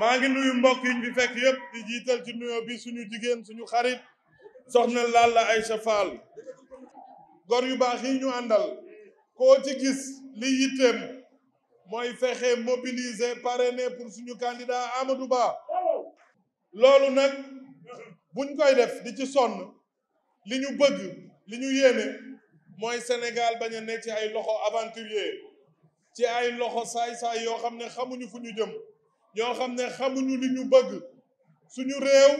maa ngi nuyu mbokk yi ñu fi fekk yëpp di jiital ci nuyo bi suñu jigéen suñu xarit soxna Lalla Aïcha Fall gor yu baax yi ñu àndal ko ci gis li yitteem mooy fexe mobiliser parrainer pour suñu candidat Amadou Ba loolu nag buñ koy def di ci sonn li ñu bëgg li ñu yéene mooy Sénégal bañ a nekk ci ay loxo aventurier ci ay loxo saay-saay yoo xam ne xamuñu fu ñu jëm ñoo xam ne xamuñu li ñu bëgg suñu réew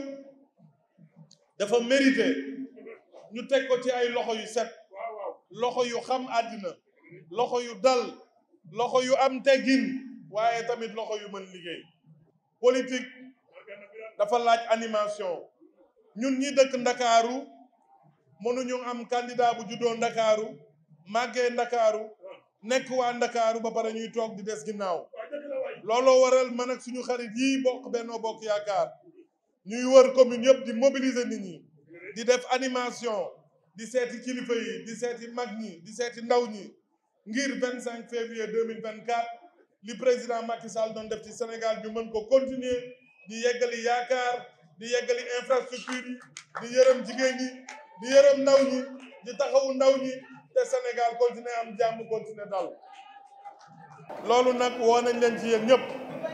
dafa mérité ñu teg ko ci ay loxo yu set loxo yu xam àddina loxo yu dal loxo yu am teggin waaye tamit loxo yu mën liggéey politique dafa laaj animation ñun ñi dëkk ndakaaru mënuñu am candidat bu juddoo ndakaaru màggee ndakaaru nekk waa ndakaaru ba pare ñuy toog di des ginnaaw looloo waral man ak suñu xarit yii bokk Benno Bokk Yaakaar ñuy wër commune yëpp di mobiliser nit ñi di def animation di seeti kilifa yi di seeti mag ñi di seeti ndaw ñi ngir 25 février 2024 li président Macky Sall doon def ci Sénégal ñu mën ko continuer di yeggali yaakaar di yeggali infrastructure yi di yërëm jigéen ñi di yërëm ndaw ñi di taxawu ndaw ñi te Sénégal continuer am jàmm continuer dal loolu nag woo nañ leen ci yéen ñëpp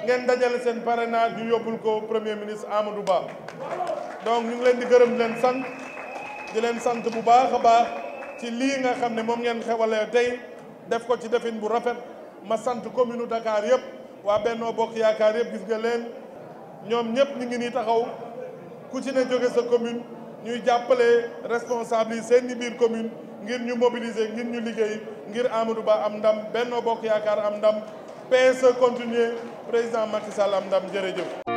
ngeen dajale seen parrainage ñu yóbbul ko premier ministre Amadou Ba donc ñu leen di gërëm di leen sant di leen sant bu baax a baax ci lii nga xam ne moom ngeen xewalee tey def ko ci defin bu rafet ma sant commune Dakar yëpp waa Bennoo Bokk Yaakaar yëpp gis nga leen ñoom ñëpp ñu ngi nii taxaw ku ci ne jóge sa commune ñuy jàppale responsable yi seen i biir commune ngir ñu mobiliser ngir ñu liggéey ngir Amadou Ba am ndam Benno Bokk Yaakaar am ndam PSE continuer président Macky am ndam jërëjëf.